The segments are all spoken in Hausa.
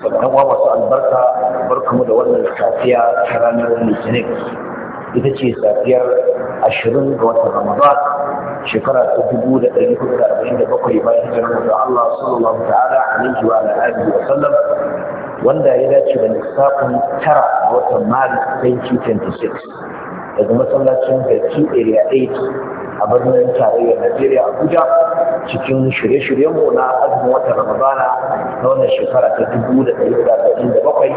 ɗan masu albarka barkamu da wannan safiya ta ranar litinin ita ce safiyar ashirin ga watan ramadan shekara ta dubu ɗari da arba'in da bakwai bayan hijirar da Allah sallallahu ta'ala alaihi wa alihi wa sallam wanda ya dace da lissafin tara a watan maris 2026 daga masallacin garki area 8 a birnin tarayyar najeriya abuja cikin shirye-shiryenmu na azumin watan ramadana na wannan shekara ta dubu da da ɗari bakwai.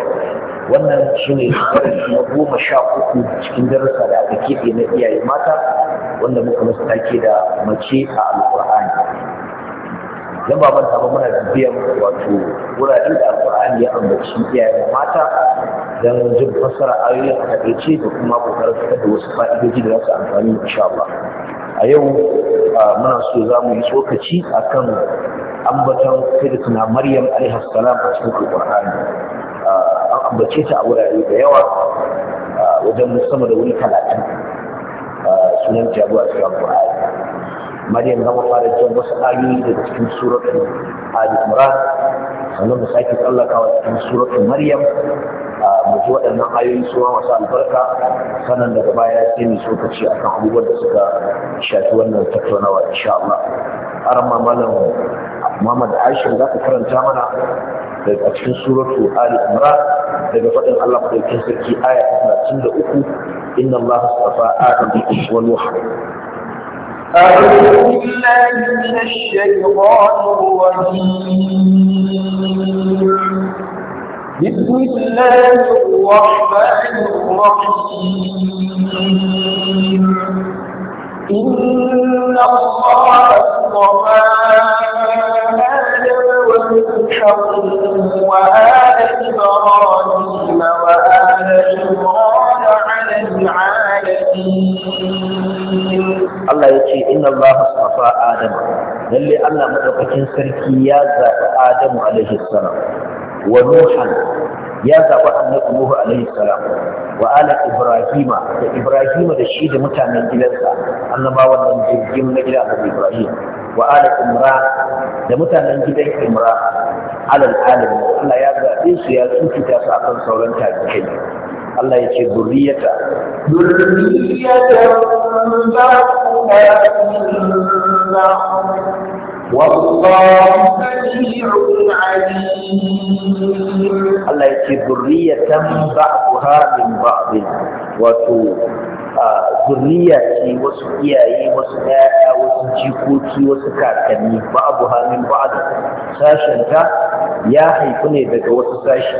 wannan shine shekara na goma sha uku cikin darussa da aka keɓe na iyaye mata wanda muka masu take da mace a alkur'ani idan ba manta ba muna bibiyan wato wuraren da alƙur'ani ya ambaci iyayen mata don jin fassara ayoyin a takaice da kuma kokarin fitar da wasu fa'idoji da za su amfani insha Allah a yau muna so za mu yi tsokaci akan ambaton sayyidatuna maryam alaihi salam a cikin alƙur'ani an ambace ta a wurare da yawa wajen sama da wuri talatin sunan jabuwa cikin alƙur'ani maryam za mu fara jin wasu ayoyi daga cikin suratu ali imran sannan mu sake tsallakawa cikin suratu maryam mu ji waɗannan ayoyi su masu albarka sannan daga baya sai mu sokaci akan abubuwan da suka shafi wannan tattaunawa insha Allah aran ma malam Muhammad Aisha za ka karanta mana daga cikin suratu ali imran daga faɗin Allah madaukakin sarki aya 33 inna Allah astafa adam wal wahid أعوذ بالله من الشيطان الرجيم بسم الله الرحمن الرحيم إن الله اصطفى آدم ونوحا وآل إبراهيم وآل عمران على العالمين Allah ya ce inna Allah safa Adam lalle Allah madaukakin sarki ya zaɓi Adamu alaihi salam wa Nuhan ya zaɓi annabi Nuhu alaihi salam wa ala Ibrahima da Ibrahima da shi da mutanen gidansa annabawan nan jirgin na gida annabi Ibrahim wa ala Imran da mutanen gidan Imran alal alamin Allah ya zaɓe su ya tututa su akan sauran tabi'ai Allah ya ce zurriyata Allah ya ce zurriyatan ba'duha min ba'd wato zurriya ce wasu iyaye wasu yaya wasu jikoki wasu kakanni ba abu hamin ba sashenta ya haifu ne daga wasu sashi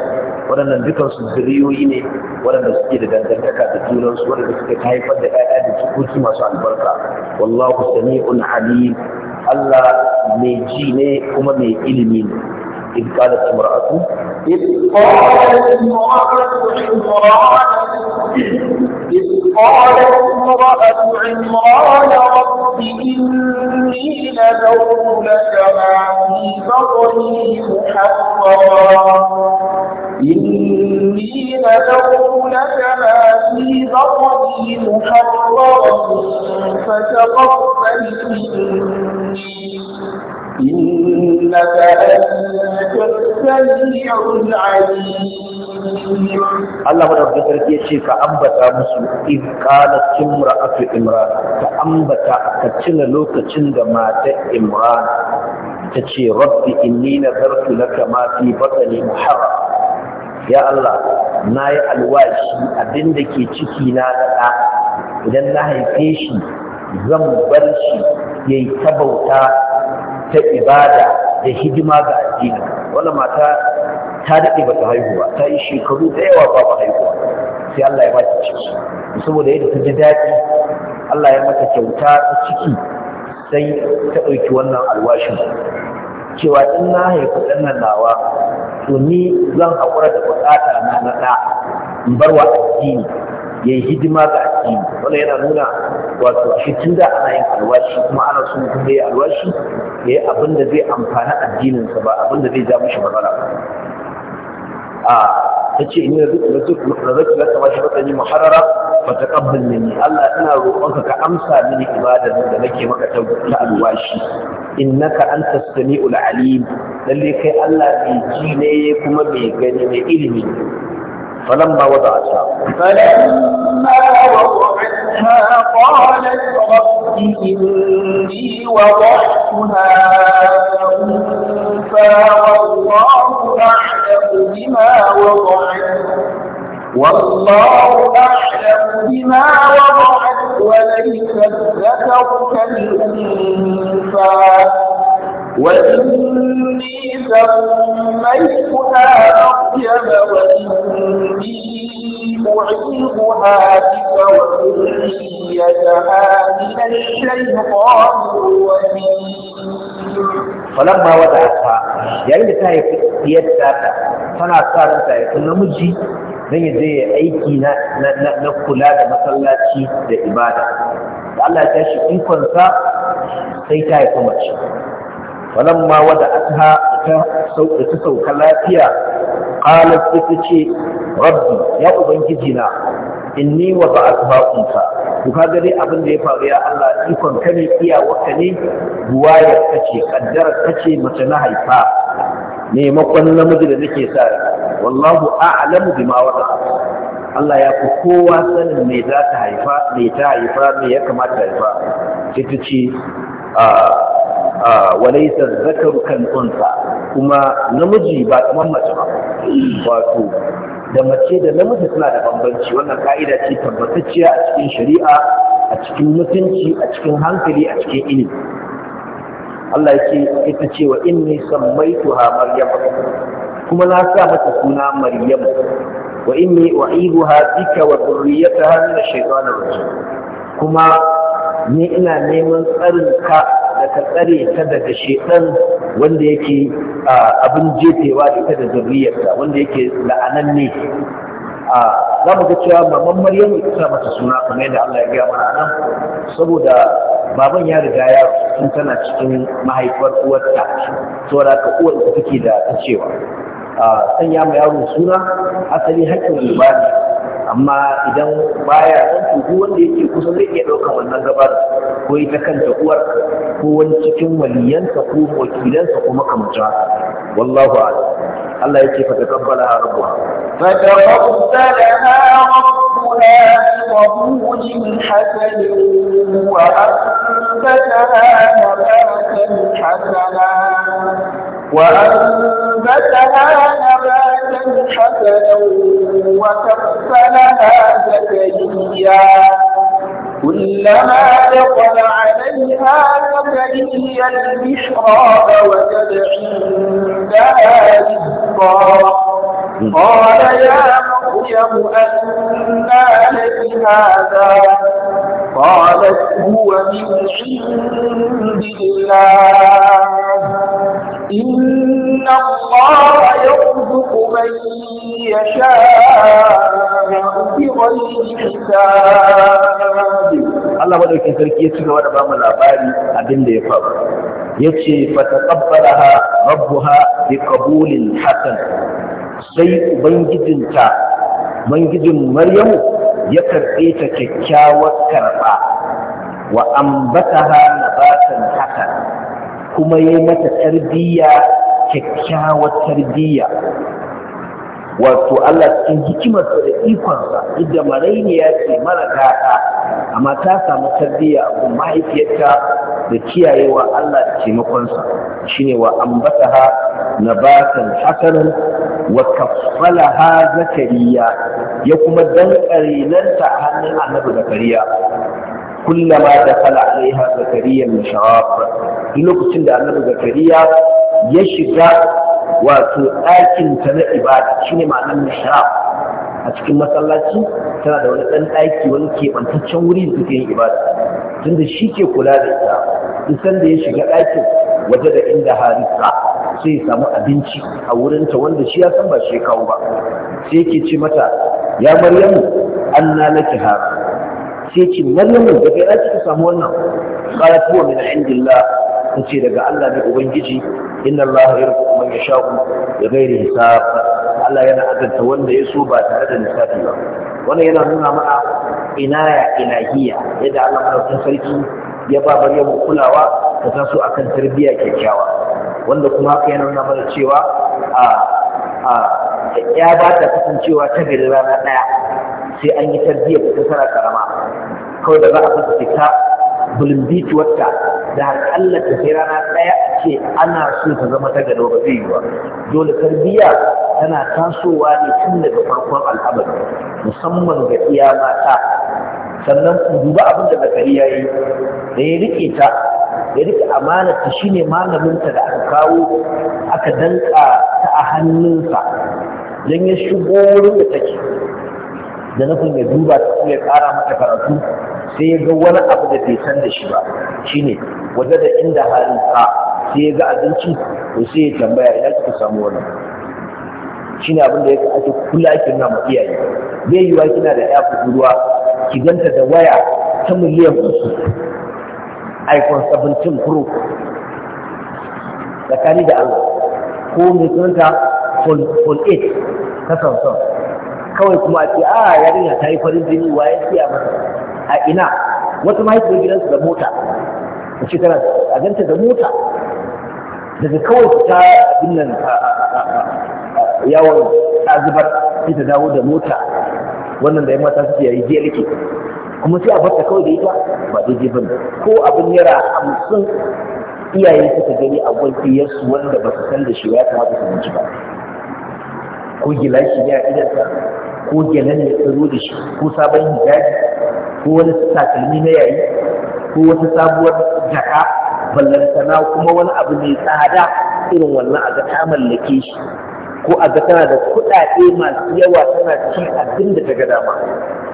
waɗannan dukansu zuriyoyi ne waɗanda suke da dangantaka da junansu waɗanda suke haifar da 'yaya da jikoki masu albarka wallahu sami'un alim Allah mai ji ne kuma mai ilimi ne إذ قالت امرأة إذ قالت قالت امرأة عمران رب إني نذرت لك ما في بطني محررا إني نذرت لك ما في بطني محررا فتقبل مني إنك أنت السميع العليم Allah madaukakin sarki ya ce ka ambata musu in qala timra'atu imran ka ambata ka cina lokacin da mata imran ta ce rabbi inni nazartu laka ma fi batni muharram ya Allah yi alwashi abinda ke ciki na da idan na haife shi zan bar shi yayi tabauta ta ibada da hidima ga addini wannan mata ta daɗe ba ta haihuwa ta yi shekaru da yawa ba ba haihuwa sai Allah ya ba ciki saboda yadda ta ji daɗi Allah ya mata kyauta ta ciki sai ta ɗauki wannan alwashin cewa in na haifi ɗannan nawa to ni zan haƙura da buƙata na na ɗa in bar wa addini ya yi hidima ga addini Wannan yana nuna wato shi tun da ana yin alwashi kuma ana so mutum da ya alwashi ya yi abin da zai amfani addininsa ba abin da zai ja mishi matsala a tace in yi rajuk rajuk la kama shi batani muharrara fa taqabbal minni Allah ina roƙonka ka amsa mini ibadar da nake maka ta alwashi innaka antas samiul alim lalle kai Allah mai ji ne kuma mai gani mai ilimi فلما وضعتها فلما وضعتها قالت رب إني وضعتها أنثى والله أعلم بما وضعت والله أعلم بما وضعت وليس الذكر كالأنثى وإني سميتها مريم وإني أعيذها بك وذريتها من الشيطان الرجيم falamma wada asfa yayin da ta haifi diyar ta tana sa su ta haifi namiji dan ya je aiki na na kula da masallaci da ibada da Allah ya tashi ikon sa sai ta haifi mace falamma wada ta sauka ta sauka lafiya qalat ita ce rabbi ya ubangiji na inni wa ba'atha unsa to kaga dai abin da ya faru ya Allah ikon ka ne iyawarka ne buwayar ka ce kaddarar ka ce mace na haifa maimakon namiji da nake sa wallahu a'lamu bima wada Allah ya fi kowa sanin me za ta haifa me ta haifa me ya kamata haifa sai ta ce walaisar zakaru kan unsa kuma namiji ba kamar mace ba wato da mace da namiji suna da bambanci wannan ka'ida ce tabbatacciya a cikin shari'a a cikin mutunci a cikin hankali a cikin ilimi Allah yake ita ce wa inni sammaituha maryam kuma na sa mata suna maryam wa inni u'iduha bika wa dhurriyyataha min ash-shaytanir rajim kuma ni ina neman tsarin ka ka tsare ta daga shedan wanda yake abin jefewa ita da zurriyarta wanda yake la'ananne za mu ga cewa maman Maryam ita sa mata suna kamar yadda Allah ya gaya mana nan saboda baban ya riga ya tun tana cikin mahaifar uwarta da ka uwar take da ta cewa sanya ma yaro suna asali hakkin riba amma idan baya nan to wanda yake kusa zai iya ɗauka wannan gabar ko ita kanta uwar ko wani cikin waliyansa ko wakilansa ko makamta wallahu a'lam Allah yake fa taqabbalaha rabbuha fa da rabbuha بقبول حسن وأنبتها نباتا حسنا وأنبتها نباتا حسنا وكفلها زكريا كلما دخل عليها زكريا البشرى وجد عندها رزقا قال يا مريم أنى لك هذا قالت هو من عند الله إن الله يرزق من يشاء بغير حساب الله ولكن كان سنه وانا بام الاباري ابن ده يفعل yace fa فتقبلها ربها بقبول حسن sai ubangijinta ubangijin maryamu ya karɓe ta kyakkyawar karɓa wa ambataha nabatan hakan, kuma ya mata tarbiyya kyakkyawar tarbiyya wato Allah cikin hikimar da ikonsa inda maraini ya ce mara gata amma ta samu tarbiyya a mahaifiyarta da kiyayewa Allah da taimakonsa shine wa na nabatan hasanan wa ha zakariya ya kuma dankarinanta a hannun annabi zakariya kullama dakhala alaiha zakariya mai sharab duk lokacin da annabi zakariya ya shiga wato ɗakin ta na ibada shine ma'anar mishrab a cikin masallaci tana da wani ɗan ɗaki wani keɓantaccen wuri da suke yin ibada tunda shi ke kula da ita san da ya shiga ɗakin waje da inda harisa sai samu abinci a wurinta wanda shi ya san ba shi kawo ba sai yake ce mata ya maryamu an laki hada sai ce maryamu da kai ake ka samu wannan qalat huwa min indillah ce daga Allah ne ubangiji inna Allah yarzuqu man yasha'u bi ghairi hisab Allah yana azanta wanda ya so ba tare da lissafi ba wannan yana nuna mana inaya ilahiya yadda Allah madaukakin sarki ya ba Maryamu kulawa ka taso kan tarbiyya kyakkyawa wanda kuma haka yana nuna mana cewa a a ya ba ta kasancewa ta gari rana ɗaya sai an yi tarbiyya ta tana karama kawai da za a fasa fita bulimbiti wata da Allah ta sai rana ɗaya a ce ana so ta zama ta gari ba zai yi ba dole tarbiyya tana tasowa ne tun daga farkon al'amari musamman ga iya mata sannan duba abin da zakari ya yi da ya rike ta ya duka amanarta ne malaminta da aka kawo aka danka ta a hannunsa don ya shigo wurin da take da nufin ya duba ta kuma ya kara mata karatu sai ya ga wani abu da bai san da shi ba shi ne. waje da inda halin ka sai ya ga abinci to sai ya tambaya ina kika samu wannan shine abin da ya ake kula ake nuna ma iyaye zai yiwa kina da ya budurwa ki ganta da waya ta miliyan uku iphone kuro da tsakani da allah ko mai sunanta phone 8 ta samson kawai kuma a ce a ah, yarinya ta yi farin jini wa ya siya masa a ina wata mahaifiyar gidansu da mota da ce tana a ganta da mota daga kawai ta abin nan yawon ta zubar sai ta dawo da mota wannan da ya mata suke yayi jiya kuma sai a bata kawai da ita ba daidai ba ko abin yara hamsin iyaye suka gani a gwajiyarsu wanda ba su san da shi ya kamata su mutu ba ko gilashi ne a idansa ko gyanan ya tsaro da shi ko sabon hijabi ko wani takalmi na yayi ko wata sabuwar jaka ballantana kuma wani abu mai tsada irin wannan a ga ta mallake shi ko a ga tana da kuɗaɗe masu yawa tana ci abin da ta ga dama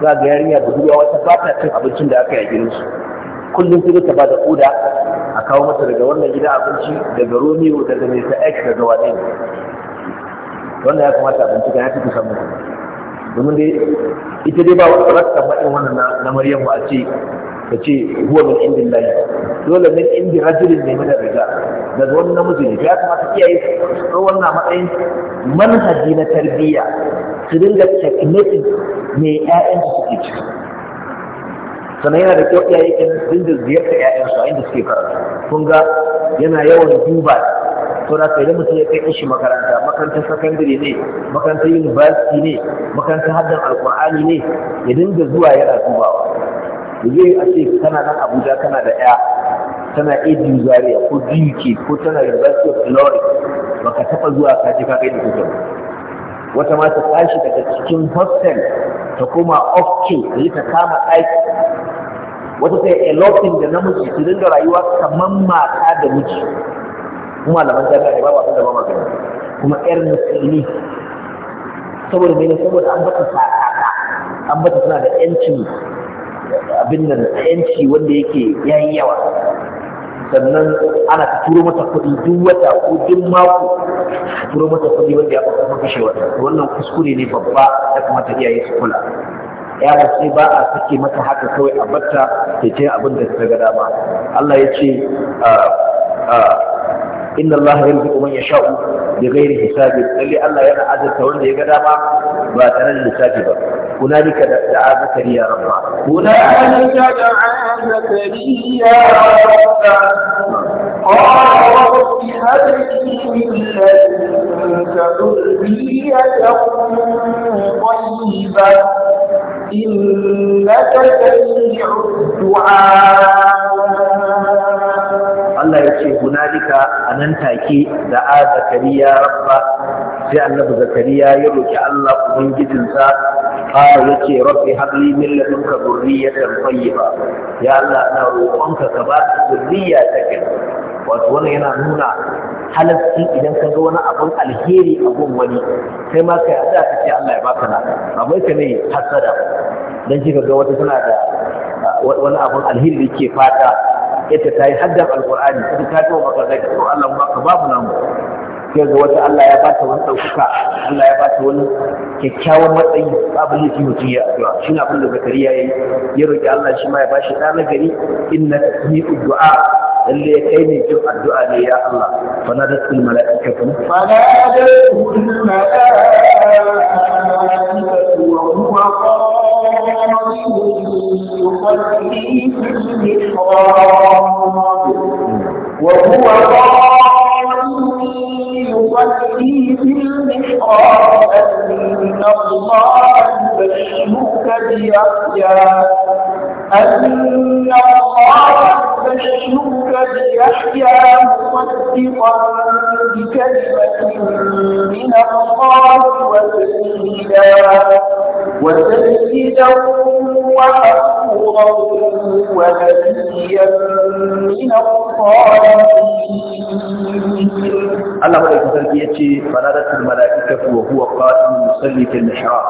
za ga yarinya da duniya wata ba ta cin abincin da aka yi gidan su kullum sai ta da oda a kawo mata daga wannan gida abinci daga romeo daga mai ta x daga wane ne wannan ya kamata abinci ga ya fi kusa mutu domin dai ita dai ba wata rakka ba wannan na maryamu a ce ta ce huwa min indin layi. dole min indin rajulin ne mana riga daga wani namiji ne ya kamata iyaye su wannan matsayin manhaji na tarbiyya su dinga checkmating mai ƴaƴan su suke ciki sannan yana da kyau iyaye kan dinga ziyarta ƴaƴan su a inda suke karatu kun ga yana yawan duba to da kai mutum ya kai shi makaranta makarantar sakandare ne makarantar university ne makarantar haddan alkur'ani ne ya dinga zuwa yana dubawa da a ce kana nan abuja kana da ƴa tana edu zaria ko duk ko tana university of glory baka taba zuwa ka je ka kai da kuka wata ma ta tashi daga cikin hostel ta koma ofke da ta kama aiki wata sai elopin da namiji su dinga rayuwa kamar mata da miji kuma malaman jami'a ne ba ba da ba magana kuma yar musulmi saboda mene saboda an bata sakaka an bata tana da yancin abin nan yanci wanda yake yayi yawa sannan ana ta turo mata kuɗi duk wata ko duk mako ta turo mata kuɗi wanda ya kuma kashe wata wannan kuskure ne babba da kuma ta iyaye su kula ya sai ba a sake mata haka kawai a batta ta ce abin da ta ga dama Allah ya ce ah, ah, inna allaha yarzuqu man yasha'u bighairi hisab lalle Allah yana azurta wanda ya ga dama ba tare da lissafi ba hunalika da'a zakariya rabba hunalika da'a zakariya rabba qala rabbi hab li min ladunka dhurriyyatan طيبة إنك سميع الدعاء ce hunalika a nan take da a zakariya rabba sai annabi zakariya ya roki Allah ubangijinsa ya ce rabbi habli min ladunka dhurriyatan tayyiba ya Allah ina roƙonka ka ba zurriya ta wato wannan yana nuna halarci idan ka ga wani abin alheri a gun wani sai ma ka yarda ka ce Allah ya baka na amma ka ne hasada dan shi ga wata tana da wani abin alheri da ke fata yadda ta yi haddar alkur'ani kuma ta taɓa wa zai to Allah ma ka babu namu sai ga wata Allah ya ta wani ɗaukaka Allah ya bata wani kyakkyawan matsayi babu laifi mutum ya addu'a shi na abin da zakariya ya ya roƙi Allah shi ma ya bashi ɗa na gari inna tasmi'u du'a lalle ya kai ne jin addu'a ne ya Allah fa na dasul mala'ikatu fa na dasul mala'ikatu wa huwa وهو قائم يصلي في المحراب أن الله يبشرك بيحيى أن الله يبشرك ليحيى مصدقا بكلمة من الله وسيدا وسيدا وحفورا ونبيا من الصالحين الله عليك سلبيتي فنادت الملائكة وهو قاتل يصلي في المحراب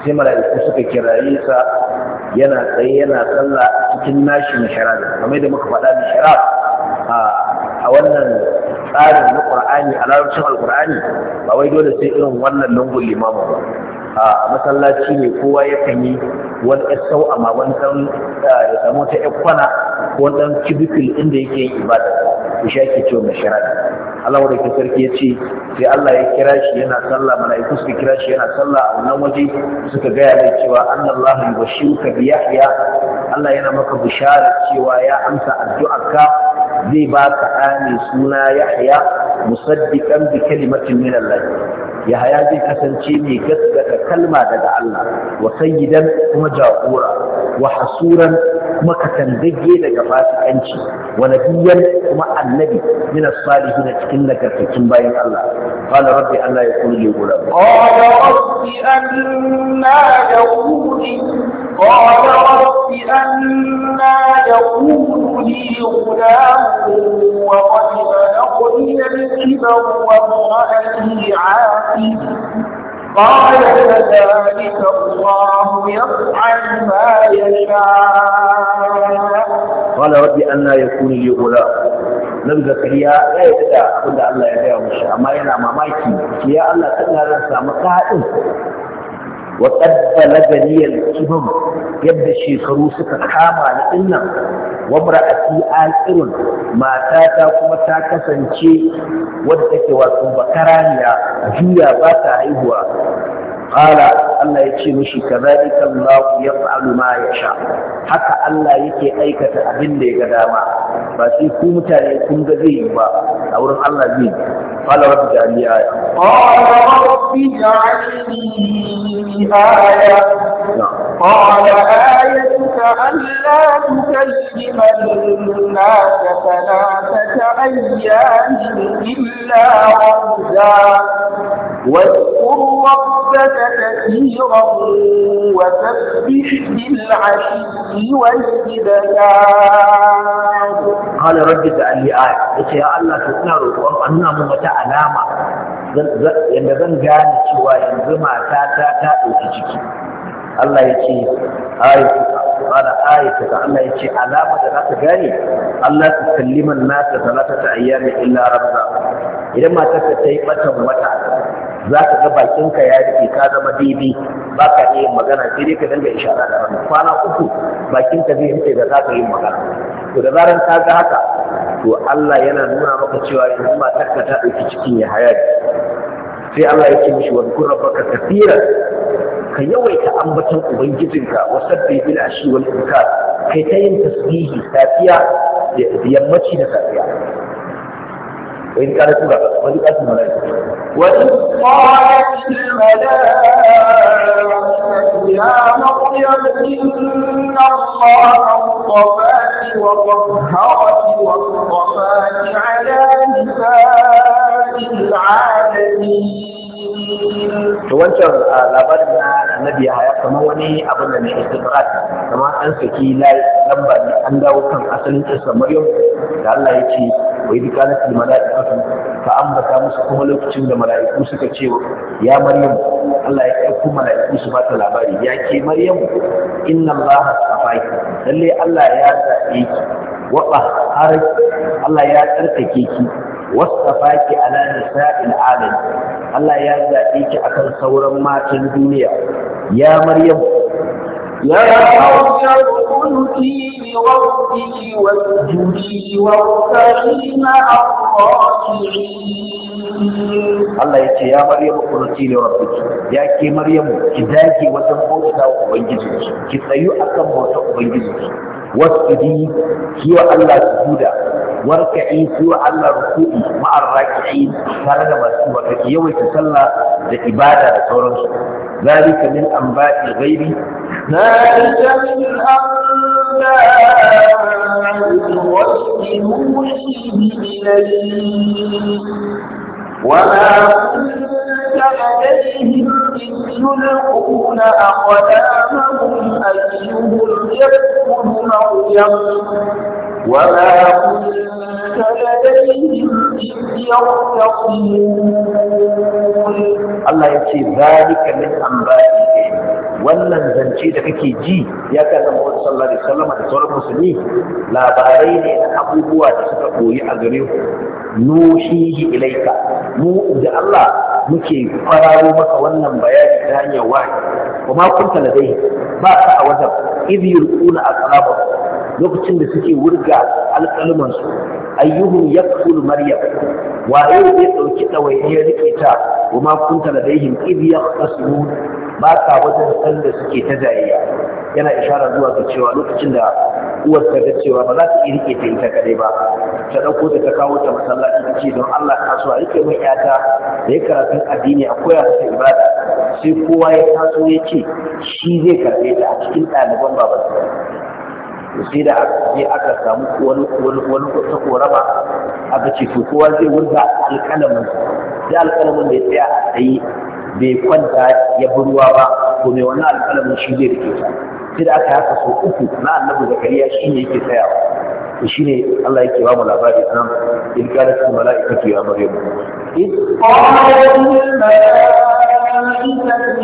sai mala'iku suka kiraye sa yana tsaye yana sallah cikin nashi mishrabi kamar da muka faɗa mishrab a wannan tsarin na Qur'ani a larabcin Al-Qur'ani ba wai dole sai irin wannan lungun limamin ba a masallaci ne kowa yakan yi wani sau amma wani ɗan ya samu ta kwana ko ɗan kibikul inda yake yin ibada ku sha ke ciwon masharabi Allah wadda ke sarki ya ce sai Allah ya kira shi yana sallah mala'iku suka kira shi yana sallah a wannan waje suka gaya mai cewa ya yubashshiruka bi yahya Allah yana maka bishara cewa ya amsa addu'arka zai baka ɗa suna yahya musaddiqan bi kalimatin min Allah yahaya zai kasance mai gaskata kalma daga Allah wa sayyidan kuma jagora wa hasuran kuma katangagge daga fasikanci wa nabiyyan kuma annabi min as-salihin cikin nagartakin bayan Allah qala rabbi Allah ya kulli gura qala rabbi anna yaquli qala rabbi anna yaquli ghulam wa qad balagni al-kibar wa imra'ati 'aqil قال كذلك الله يفعل ما يشاء قال رب أن يكون لي غلام nabi zakariya ya yi da abin da Allah ya gaya mushi amma yana mamaki ya Allah kan zan samu kaɗin wa qadda laganiyal kibam yadda shekaru suka kama innan dinnan wa mar'ati asirun matata kuma ta kasance wadda take wato bakaraniya juya ba ta haihuwa qala Allah ya ce mishi kadhalika Allah yaf'alu ma sha. haka Allah yake aikata abin da ya ga dama ba sai ku mutane kun ga zai yi ba a wurin Allah zai qala rabbi ja'alni aya qala rabbi ja'alni aya qala ayatuka alla tukallima an ta thalathata ayyamin illa 'udda واذكر ربك كثيرا وسبح بالعشي والإبكار قال رب اجعل لي آية يا الله تسنار وأنا ممتع علامة yadda zan gane cewa yanzu matata ta ɗauki ciki Allah ya ce ayatuka ayatuka Allah ya ce alama da za ta gane Allah ta kalliman nata talata ayyami illa rabba idan matar ka ta yi batan wata za ka ga bakinka ya rike ka zama bibi, ba ka iya magana sai dai ka dinga ishara da hannu kwana uku bakinka zai rike da za ka yi magana to da zaran ka ga haka to Allah yana nuna maka cewa yanzu matar ka ta ɗauki cikin ya sai Allah ya ce mishi wadkur ka kathira ka yawaita ambaton ubangijinka wa sabbi bil ashi wani ibkar kai ta yin tasbihi safiya da yammaci da safiya وإن كانت سورة وإن كانت الملائكة وإن قالت الملائكة يا مريم إن الله اصطفاك وطهرك واصطفاك على نساء العالمين to wancan labarin na annabi haya kamar wani abin da mai istibrat kamar an saki lambar an dawo kan asalin isa maryam da Allah ya ce wa idh qalat al mala'ikatu fa ambata musu kuma lokacin da mala'iku suka ce ya maryam Allah ya aiko mala'iku su bata labari ya ke maryam inna Allah astafaki lalle Allah ya zabe ki wa har Allah ya tsarkake ki a ala nisa'il alamin Allah ya zabe ki akan sauran matan duniya ya maryam Allah ya ce, Ya Maryamu kunuti ne wa ya ke Maryamu ki dage wajen bauta wa Ubangiji, ki tsayu a kan bauta Ubangiji. Wasu ji kiwa Allah su warka in kiwa Allah rukuɗi ma'ar raki'i tare da masu wata ki sallah da ibada da sauransu. Zalika min an ba'i ghairi ذلك من أنباء الغيب نوحيه إليك وما كنت لديهم إذ يلقون أقلامهم أيهم يكفر مريم وما كنت لديهم إذ يختصمون الله يقول ذلك من أنباء wannan zance da kake ji ya kan zama wani sallallahu da sauran musulmi labarai ne na abubuwa da suka koyi a gare ku nushihi ilaika mu da Allah muke fararo maka wannan bayani ta hanyar wahayi Kuma ma kunta dai? ba ka a wajen idh yulquna aqrabahum lokacin da suke wurga su ayyuhum yakful maryam waye zai ɗauki ya rike ta wa ma da ladaihim idh yaqtasimun ba ka wajen san suke ta jayayya yana isharar zuwa ga cewa lokacin da uwar ta ga cewa ba za ta iya rike ta ita kadai ba ta ɗauko ta ta kawo ta masallaci ta ce don Allah ka a rike mai ƴata da ya karatun addini a koya ta ibada sai kowa ya taso ya ce shi zai karɓe ta a cikin ɗaliban babansa sai da sai aka samu wani wani wani ta koraba aka ce to kowa zai wanda alƙalamin sai alƙalamin da ya tsaya a tsaye bai kwanta ya burwa ba ko mai wani alƙalamin shi zai rike ta sai da aka haka so uku na annabi zakariya shi ne yake tsayawa to shi ne Allah yake ba mu labari nan in kana cikin mala'ikatu ya maryamu in qala الملائكة الملائكة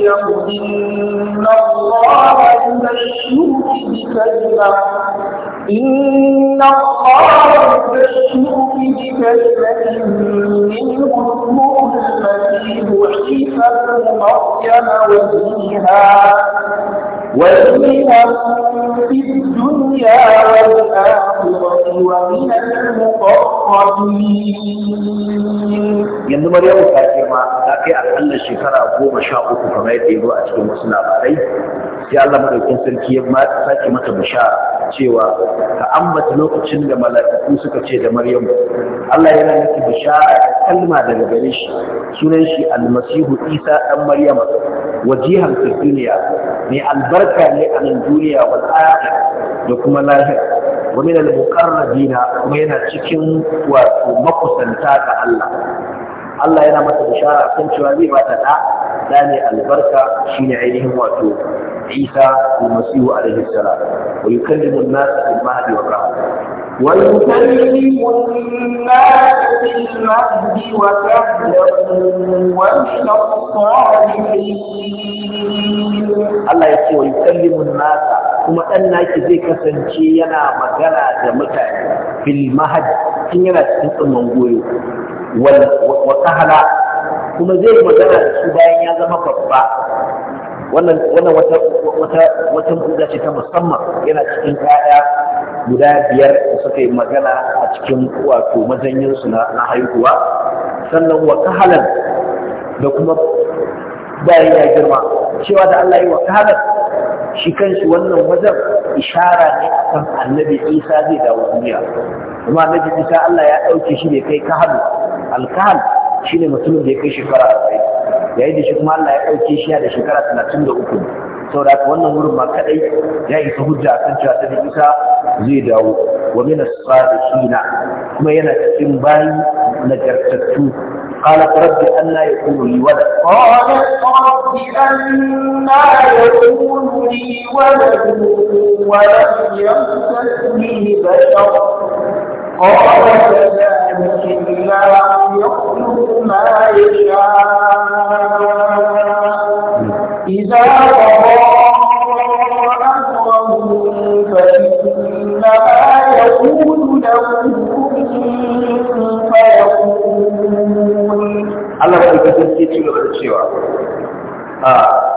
يا مريم إن الله يبشرك بكلمة إن الله يبشرك بكلمة منه اسمه المسيح عيسى بن مريم وجيها وزينا في الدنيا والآخرة ومن المقربين yanzu Maryamu ta girma ta kai akalla shekara goma sha uku kamar yadda ya a cikin wasu labarai sai Allah madaukakin sarki ya saki mata bishara cewa ka ambata lokacin da mala'iku suka ce da Maryam Allah yana miki bishara kalma daga gare shi sunan shi almasihu Isa dan Maryam wajihan fi duniya ne albarka ne a nan duniya wal akhirah da kuma lahira wa min al-muqarrabina kuma yana cikin wato makusanta ga Allah Allah yana mata bishara kan cewa zai bata da da ne albarka shine ainihin wato عيسى المسيح عليه السلام ويكلم الناس في المهد والرهب ويكلم الناس في المهد وكهلا ومن الصالحين الله يقول ويكلم الناس kuma ɗan naki zai kasance yana magana da mutane fil mahad tun yana cikin tsimman goyo wa kahala kuma zai magana da su bayan ya zama babba wannan wata wata ce ta musamman yana cikin ƴaƴa guda biyar da suka yi magana a cikin wato mazanyin su na haihuwa sannan wa kahalan da kuma bayan ya girma cewa da Allah yi wa kahalan shi kanshi wannan wajen ishara ne akan annabi Isa zai dawo duniya kuma annabi Isa Allah ya ɗauke shi ne kai kahal alkahal shine mutumin da ya kai shekara 40 yayin da shi kuma Allah ya ɗauke shi da shekara talatin da uku saboda haka wannan wurin ma kaɗai, ya isa hujja kan cewa ta isa zai dawo wa mina as-salihina kuma yana cikin bayi nagartattu قال رب أن يكون لي ولد قال رب أن يكون لي ولد ولم يمسسني بشر قال كذلك الله يخلق ما يشاء إذا قضى أمرا فإنما يقول له Allah ya ga sai ci gaba da cewa a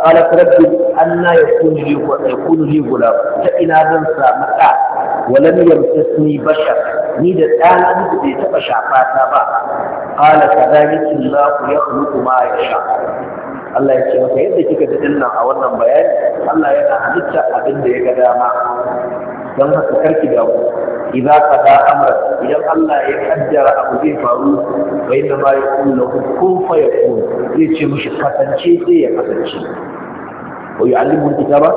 qala rabbi anna yakunu li wa yakunu li gulam ta ina zan samu da walam yamtasni bashar ni da ɗan da bai taɓa shafa ta ba qala kadhalika Allahu yakhluqu ma yasha Allah ya ce maka yadda kika ji dinnan a wannan bayani Allah yana halitta abin da ya ga dama don haka karki da ku idza amra idan Allah ya kaddara abu zai faru mai da ma ya kullu kun fa zai ce mishi kasance sai ya kasance ويعلمه الكتاب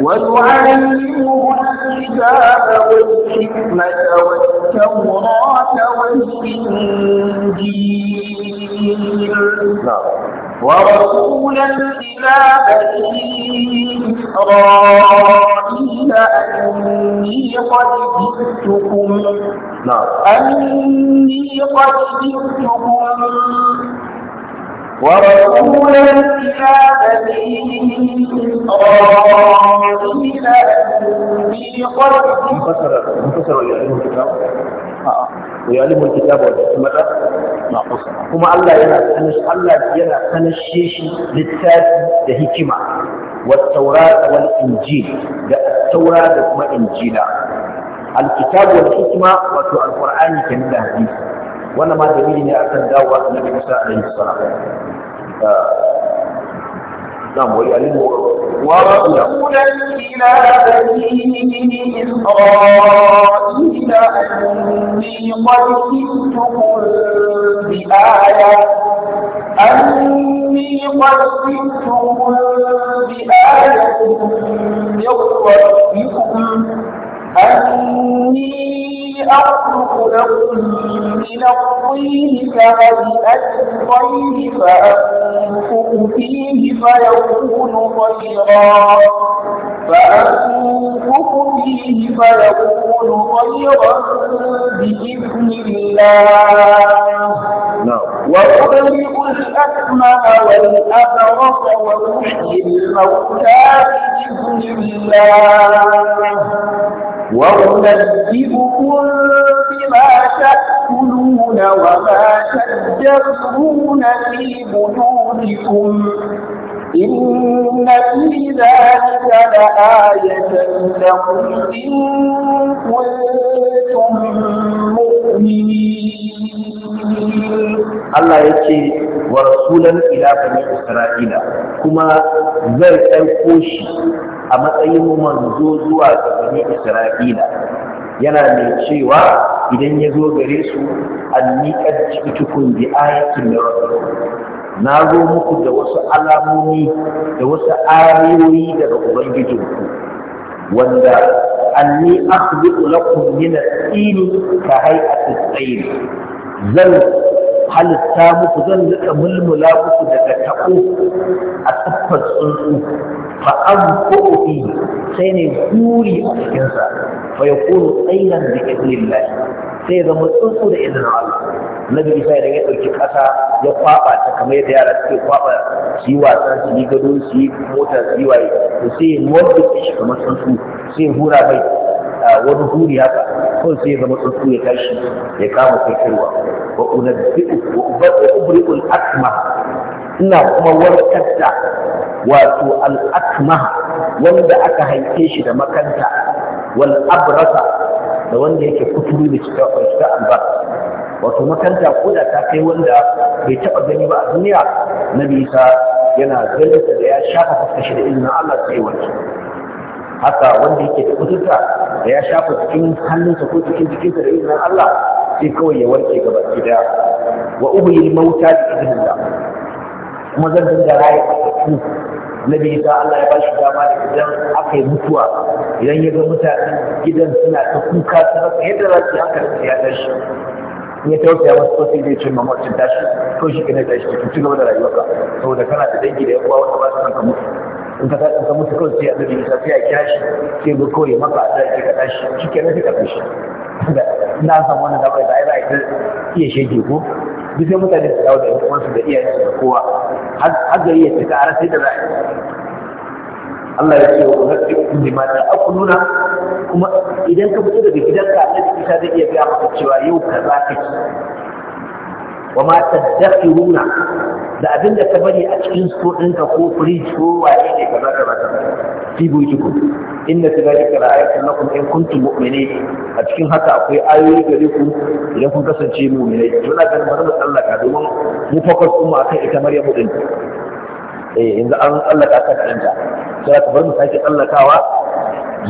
ويعلمه الكتاب والحكمة والتوراة والإنجيل نعم. ورسولا إلى بني إسرائيل أني قد جئتكم نعم أني قد جئتكم ورسولا إلى بني إسرائيل أني قد انكسر انكسر ويعلم الكتاب ويعلم الكتاب والحكمة ناقصا كما الله يرى سنش الله ينا سنشيش للتاس لهكمة والتوراة والإنجيل ده التوراة والإنجيل الكتاب والحكمة وتو القرآن كان wannan ma dalili ne akan dawowa da nabi Musa a yi sana. Ah, Zan bori a nemo wa wa ila أني قد كنت بآية يقوى فيكم أني أخلق لكم من الطين كهيئة الطير فأنفق فيه فيكون طيرا فأنفق فيه فيكون طيرا بإذن الله وأبرئ الأكمه والأبرص وأحيي الموتى بإذن الله وأنبئكم بما تأكلون وما تدخرون في بيوتكم إن في ذلك لآية لكم إن كنتم مؤمنين الله يكفي wa rasulan ila bani isra'ila kuma zai aiko shi a matsayin manzo zuwa ga bani isra'ila yana mai cewa idan ya zo gare su anni ciki ji'tukum bi ayatin min na zo muku da wasu alamomi da wasu ayoyi daga ubangijinku wanda anni akhluqu lakum min at-tin ka hay'ati at-tayr zan halitta muku zan rika mulmula muku daga taɓo a siffar tsuntsu fa an ni, sai ne guri a cikinsa fa ya kuru tsainan da izinin lahi sai ya zama tsuntsu da izinin Allah bi isa idan ya ɗauki ƙasa ya kwaɓa ta kamar yadda yara suke kwaɓa su yi wasa su yi gado su yi mota su yi waye to sai ya muwadda shi kamar tsuntsu sai ya hura mai a wani huri haka kawai sai ya zama tsuntsu ya tashi ya kama kai kaiwa wa unabi'ukum akma ina kuma warkar da wato al-akma wanda aka haife shi da makanta wal abrasa da wanda yake kuturu da cika cika albarka wato makanta ko da ta kai wanda bai taba gani ba a duniya nabi isa yana ganin da ya shafa fuskar shi da izinin Allah sai wanke haka wanda yake da kudurta da ya shafa cikin hannunsa ko cikin jikinsa da izinin Allah sai kawai ya warke gaba gida wa uhyil mauta izinin Allah kuma zan dinga raye cikin nabi isa Allah ya bashi dama da idan aka yi mutuwa idan ya ga mutanen gidan suna ta kuka ta rasa yadda za su yi hankalin ya tashi ya tausaya masu sosai zai ce mamar cin tashi ko shi ka ne tashi cikin ci gaba da rayuwarka saboda kana da dangi da yan uwa wanda ba su san ka mutu in ka tashi ka mutu kawai sai a dabi isa sai a kira shi sai ga kawai maka a daji ka tashi shi ke nan ka tashi na san wannan da bai da ai ba iya shege ko duk sai mutane su dawo da yan uwansu da iyayensu da kowa har gari ya cika a rasai da za Allah ya ce wa rabbi kun lima ta akuluna kuma idan ka fito daga gidanka a cikin isa zai iya biya maka cewa yau kaza kake wa ma tadakhiruna da abin da ka bari a cikin so ɗinka ko firij ko waye ne ka zaka ba fi buyutiku inna fi zalika la'ayatan lakum in kuntum mu'minin a cikin haka akwai ayoyi gare ku idan kun kasance mu'minai to na ganin bari mu tsallaka domin mu fokus kuma akan ita Maryamu din eh yanzu an tsallaka akan ta sai ka bar mu sake tsallakawa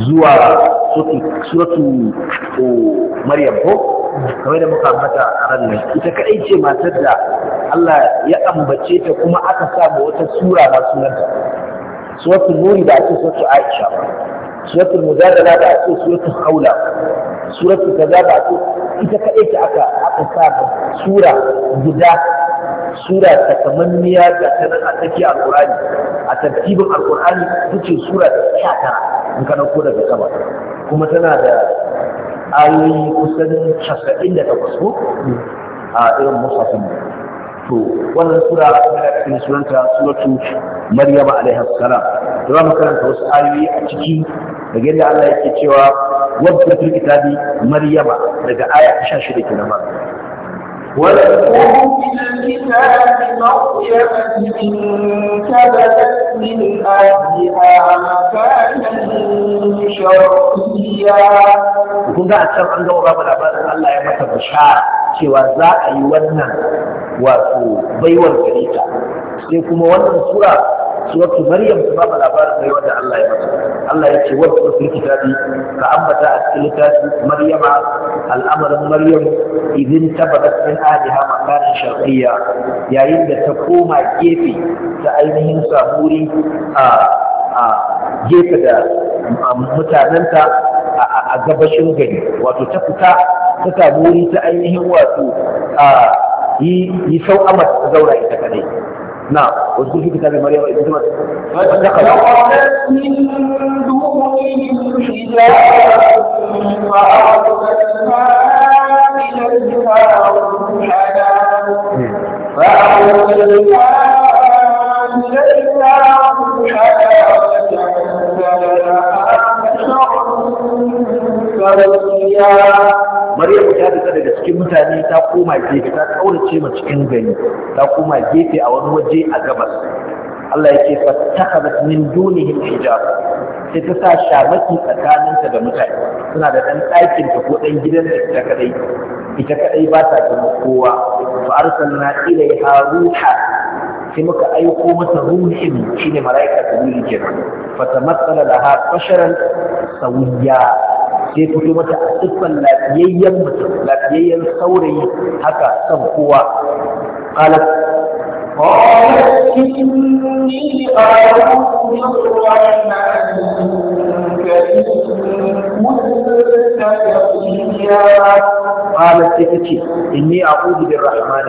zuwa suratu oh, Maryam ko kamar da muka ambata a ran nan ita kadai ce matar da Allah ya ambace ta kuma aka sa wata sura na sunanta suratul nuri da ake suratul aisha suratul mujadala da ake suratul haula suratul kaza da ake ita kadai ce aka aka sa sura guda sura ta kamanniya ga tanan a tsakiyar alqur'ani a tartibin alqur'ani ita ce sura ta tara in ka dauko daga sama kuma tana da ayoyi kusan casa'in da takwas ko a irin musafin to wannan sura tana cikin sunanta suratu Maryama alaiha salam da zamu karanta wasu ayoyi a ciki daga yadda Allah yake cewa wadda fil kitabi maryama daga aya 16 kenan واذكروا في الكتاب مريم انتبذت من أهلها مكانا شرقيا kun ga a can an gama babu labarin Allah ya mata bishara cewa za a yi wannan wato baiwar gare ta sai kuma wannan sura suratu maryam ba ba labarin mai da Allah ya mata Allah ya ce wasu kitabi ka ambata a cikin littafi maryama al'amarin maryam idin tabarat min ahliha makanin shafiya. yayin da ta koma gefe ta ainihin samuri a gefe da mutanenta a gabashin gari wato ta fita ta saburi ta ainihin wato a yi sau'amar zaura ita kadai نعم واذكر في كتاب مريم إذ اتخذت من دونه حجاب فأرسلنا إلى الفرعون فأرسلنا cikin mutane ta koma gefe ta kaurace ma cikin gari ta koma gefe a wani waje a gabas Allah yake fattakhadhat min dunihim hijab sai ta sa shamaki tsakaninta da mutane suna da dan ɗakin ta ko dan gidan da ta kadai ita kadai ba ta ga kowa fa arsalna ilaiha ruha sai muka aiko mata ruhin shine malaika ta biyu kenan fa tamassala laha basharan sawiya sai fito mata a siffar mutum lafiyayyen saurayi haka san kowa ala Kala sai ta ce, In ni a ƙudu bin Rahman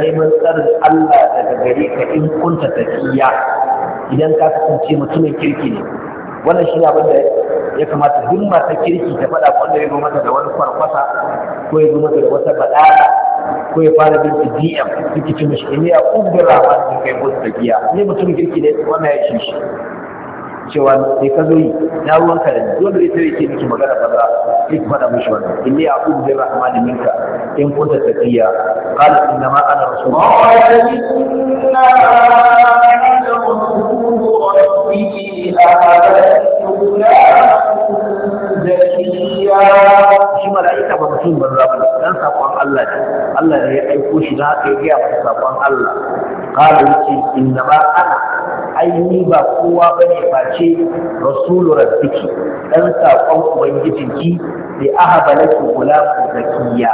neman tsarin Allah daga gare ka in kunta tafiya idan ka kasance mutumin kirki ne. Wannan shi ne abin da ya kamata duk masu kirki ta faɗa wanda ya zo mata da wani farfasa ko ya zo mata da wata baɗaɗa ko ya fara bin su dm suke ci mashi ne a ƙungira ma sun kai musu da tafiya. ne mutum kirki ne wannan ya ishe shi cewa sai ka zo yi na ruwan ka da dole ita ke miki magana za sai yi faɗa mishi wannan inni a'udhu bi rahmani minka in ta tafiya. qala inna ma ana rasulullah qala inna ana rasulullah rabbi la dan sakon Allah ne Allah ne ya aiko shi da haka ya gaya sakon Allah qala yace inna ba ana aini ba kowa bane face rasulu rabbiki dan sakon ubangijinki bi ahabalatu gulam zakiya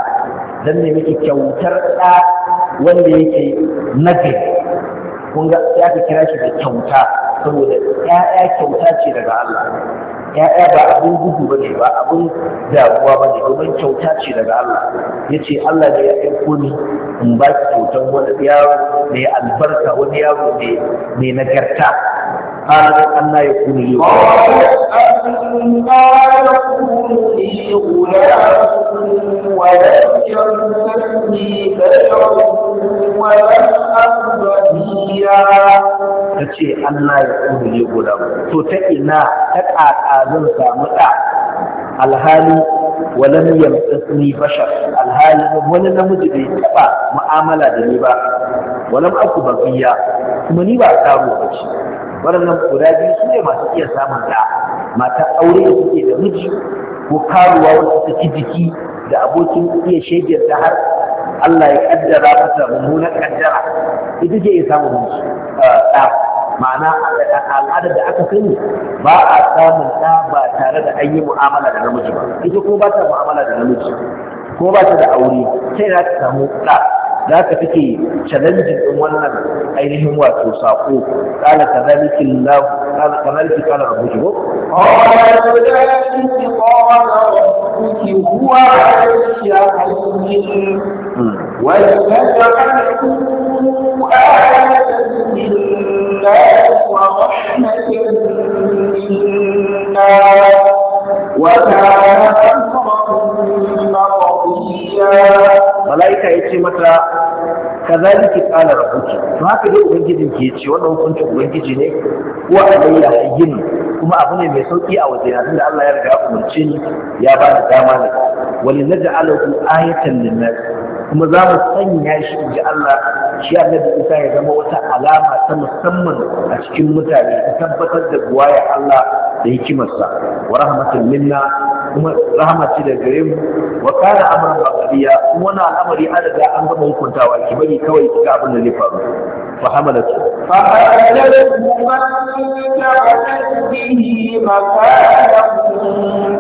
dan ne miki kyautar da wanda yake nabi kun ga ya kira shi da kyauta saboda ƴaƴa kyauta ce daga Allah ya'ya ba abin gudu ba ne ba abin damuwa ba ne domin kyauta ce daga Allah ya ce Allah ne ya aiko ni in ba ki kyautan wani yaro mai albarka wani yaro mai nagarta قال أن يكون لي غلام ولم يمسسني بشر ولم أكن بغيا ta ce Allah ya kuma guda to ta ina ta ƙaƙa zan samu ɗa alhali walam yamtasni bashar alhali wani namiji bai taɓa mu'amala da ni ba walam aku baqiya kuma ni ba karo ba ce waɗannan guda biyu su ne masu iya samun ɗa mata aure da suke da miji ko karuwa wanda suka jiki da abokin iya shege ta har Allah ya kaddara masa mummunan kaddara ita ce ya samu musu eh, ɗa ma'ana al'adar da aka sani ba a samun ɗa ba tare da an yi mu'amala da namiji ba ita kuma ba ta mu'amala da namiji ko ba ta da aure sai za ta samu ɗa za ka take challenge din wannan ainihin wato sako qala kadhalika allah qala kadhalika qala rabbukum qala الملك هو علي هين ولنجعله آية للناس ورحمة منا وكان Malaika ya ce mata, ka zaliki ƙala rabuki, to haka dai Ubangijin ke ce, wannan hukuncin Ubangiji ne, ko a yin kuma abu ne mai sauki a waje yanzu da Allah ya riga umarce ni ya ba da dama ne wani na ku ayatan linnas kuma za mu sanya shi inji Allah shi annabi Isa ya zama wata alama ta musamman a cikin mutane ta tabbatar da buwaya Allah da hikimarsa wa rahmatul minna kuma rahmaci da gare mu wa kana amran baqadiya kuma na al'amari an an gama hukuntawa ki bari kawai kika ga abin da zai faru فحملته فحملته فانتبذت به مكانا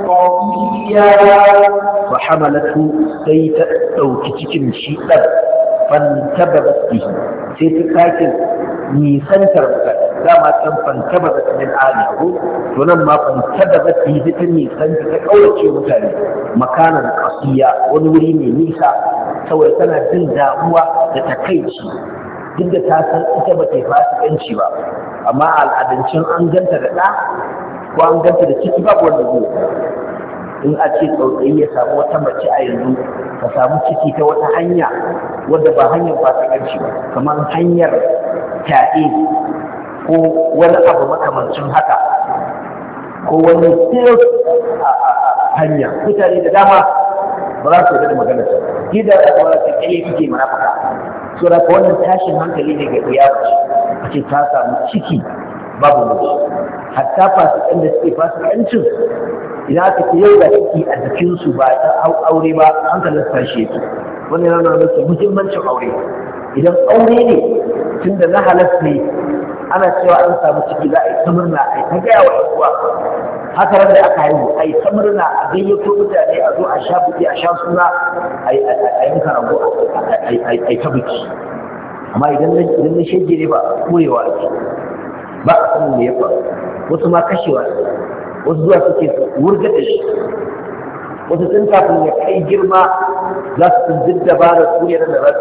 قويا فحملته سيت أو كتكن شيئا فانتبذت به سيت كاكن نيسان تربك دام أتن فانتبذت من آله ولما فانتبذت به ذات نيسان تتكولت شيئا مكانا قصيا ونوري من نيسا سوى سنة دل داعوة تتكيشي duk da ta san ita ba ta yi fasikanci ba amma al'adancin an ganta da ɗa ko an ganta da ciki ba wanda zai in a ce tsautsayi ya samu wata mace a yanzu ka samu ciki ta wata hanya wadda ba hanyar fasikanci ba kamar hanyar fyaɗe ko wani abu makamancin haka ko wani a hanya mutane da dama ba za su da magana ta gidan da a wani ta ya kike mana sura ko wannan tashin hankali ne ga iyawa a ce ta samu ciki babu mutu hatta ɗan da suke fasu fasikancin idan aka ce yau da ciki a jikinsu ba ta aure ba hankalin tashi yake wani yana nuna musu muhimmancin aure idan aure ne tun da na halas ne ana cewa an samu ciki za a yi ta murna a yi ta gaya wa uwa haka wanda aka haihu a yi ta murna a gayyato mutane a zo a sha buki a sha suna a yi muka rago a yi ta buki amma idan na shege ne ba a koyewa ake ba a sanin da ya faru wasu ma kashewa wasu zuwa suke wurga da shi wasu sun kafin ya kai girma za su sun duk dabarar kuriyar da za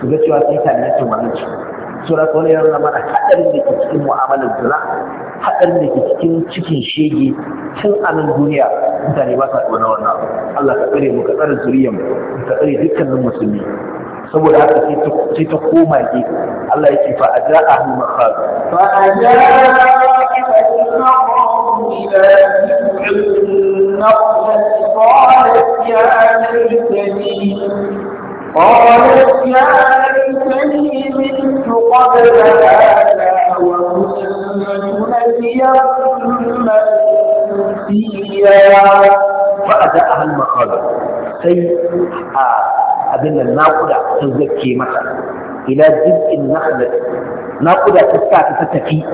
su ga cewa sai ta ne ya cin wannan cikin sura wani ya nuna mana haɗarin da ke cikin mu'amalar zina haɗarin da ke cikin cikin shege tun a nan duniya mutane ba sa tsoron wannan Allah ka tsare mu ka tsare zuriyar mu ka tsare dukkanin musulmi saboda haka sai ta koma ke Allah ya ce fa a ja a hannu makhaz fa a ja a hannu قالت يا ليتني مت قبل هذا وكنت نبيا منسيا فأداءها المقالة سي آه، أبن الناقدة تزكي مثلا إلى جزء النخلة ناقدة تسعة تتكي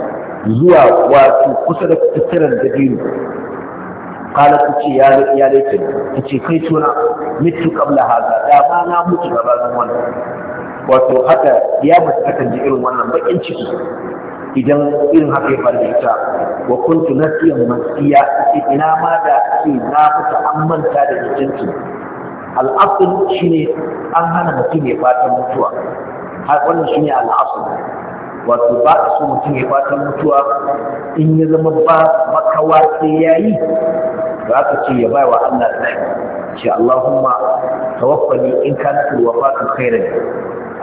zuwa wato kusa da tattarar da biyu kala ta ce ya laifin ta ce kai tuna mitu qabla hadha da ma na mutu gabanin wannan wato haka ya mutu akan ji irin wannan bakin ciki idan irin haka ya faru da ita wa kuntu nasiyan masiya ina ma da ce na fita an manta da jinjinki al'asul shine an hana mutum ya fatan mutuwa har wannan shine al'asul wato ba a so mutum ya fatan mutuwa in ya zama ba makawa sai yayi za ka ce ya bai wa Allah tsari ce Allahumma tawaffani in kanat alwafatu khairan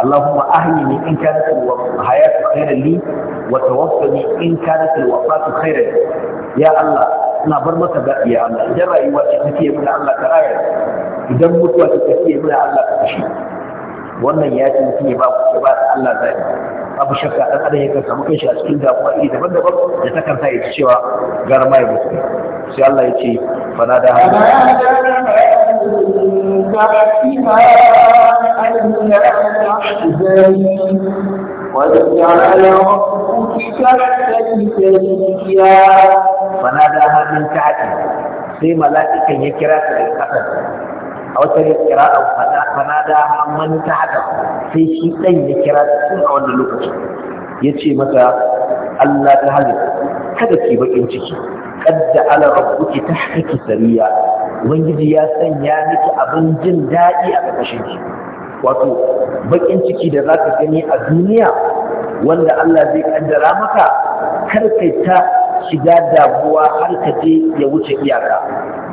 Allahumma ahyini in kanat alhayatu khairan li wa tawaffani in kanat alwafatu khairan ya Allah ina bar maka zaɓi ya Allah idan rayuwa ce take muna Allah ka raya idan mutuwa ce take muna Allah ka kashe wannan ya ce mutum ya ba ku ba Allah zaɓi abu shakka ɗan adam yakan samu kanshi a cikin damuwa iri daban-daban da ta ya ci cewa gara ya mutu sai Allah ya ce fa na da hannu من تحتها أنهار أحزان sai mala'ikan ya kira su daga ƙasar a wata ya kira a fada fana da haman ta haka sai shi ɗan ya kira su tun a wannan lokacin ya ce mata Allah ta halitta kada ke baƙin ciki kadda ala ki tahqiki sariya ubangiji ya sanya miki abin jin daɗi a ƙarƙashin ki wato baƙin ciki da zaka gani a duniya wanda Allah zai kaddara maka kar kai ta shiga damuwa har ka je ya wuce iyaka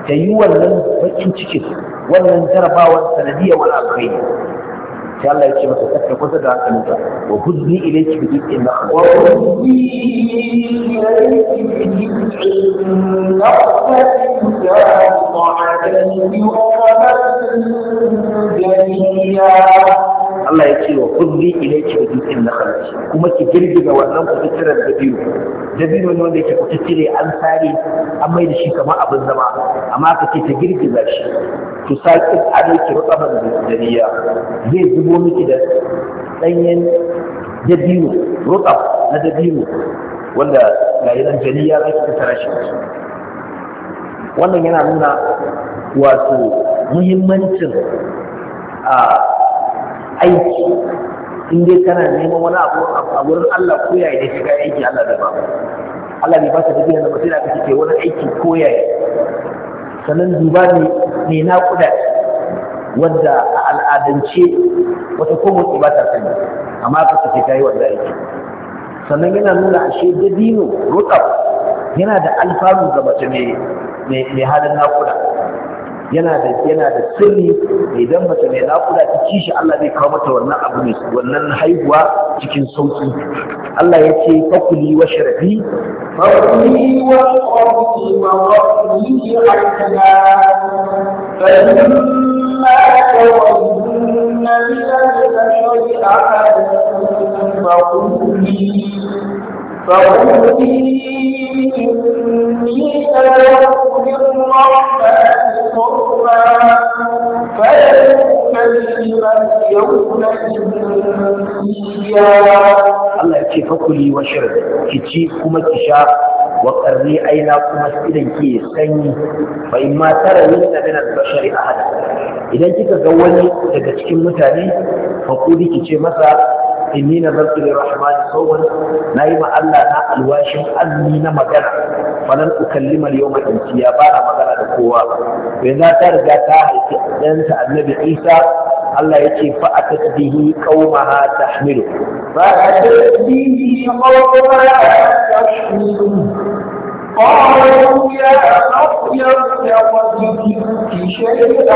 ta yi wannan baƙin cikin wannan jarabawar sanadiyar wani alkhairi sai Allah ya ce masa tsaka kusa da haka nuka wa huzni ilayki bi dhikri na wa huzni ilayki bi dhikri na Allah ya ce wa kulli ilayki bidikin nakhl kuma ki girgiza wannan kututturen da dabino ne wanda yake kututture an sare an mai da shi kamar abin zama amma ka ce ta girgiza shi to sakin alaiki da dariya zai zubo miki da danyen dabino rutab na dabino wanda ga yanan jaliya za ki tara shi wannan yana nuna wato muhimmancin a ah, aiki in dai kana neman wani abu a wurin Allah ko yaya ne shiga aiki Allah da ba Allah bai ba ka digiri na basira ka ce wani aiki ko yaya sannan duba ne ne na kuda wadda a al'adance wata ko motsi ba ta sani amma ka ce kai wanda aiki sannan yana nuna ashe dino rutab yana da alfanu ga mace mai halin nakuda yana da yana da sirri idan mace mai naƙuda ta ci shi Allah zai kawo mata wannan abu ne wannan haihuwa cikin sauki Allah ya ce fakuli wa sharafi fakuli wa wa فقولي إني أدعو للرحمن قربا Allah ce fakuli wa shirin ki ci kuma ki sha wa karni aina kuma idan ke sanyi Bai ma tara min da bashari ahad idan kika ga wani daga cikin mutane fakuli ki ce masa inni na zartu da rahmani sauwan na yi ma Allah na alwashin azumi na magana falan ukallimar yau mai ya ba magana da kowa bai za ta riga ta haifi ɗansa annabi isa Allah ya ce fa aka bihi qaumaha tahmilu fa aka bihi qaumaha tahmilu قالوا يا مريم لقد جئت شيئا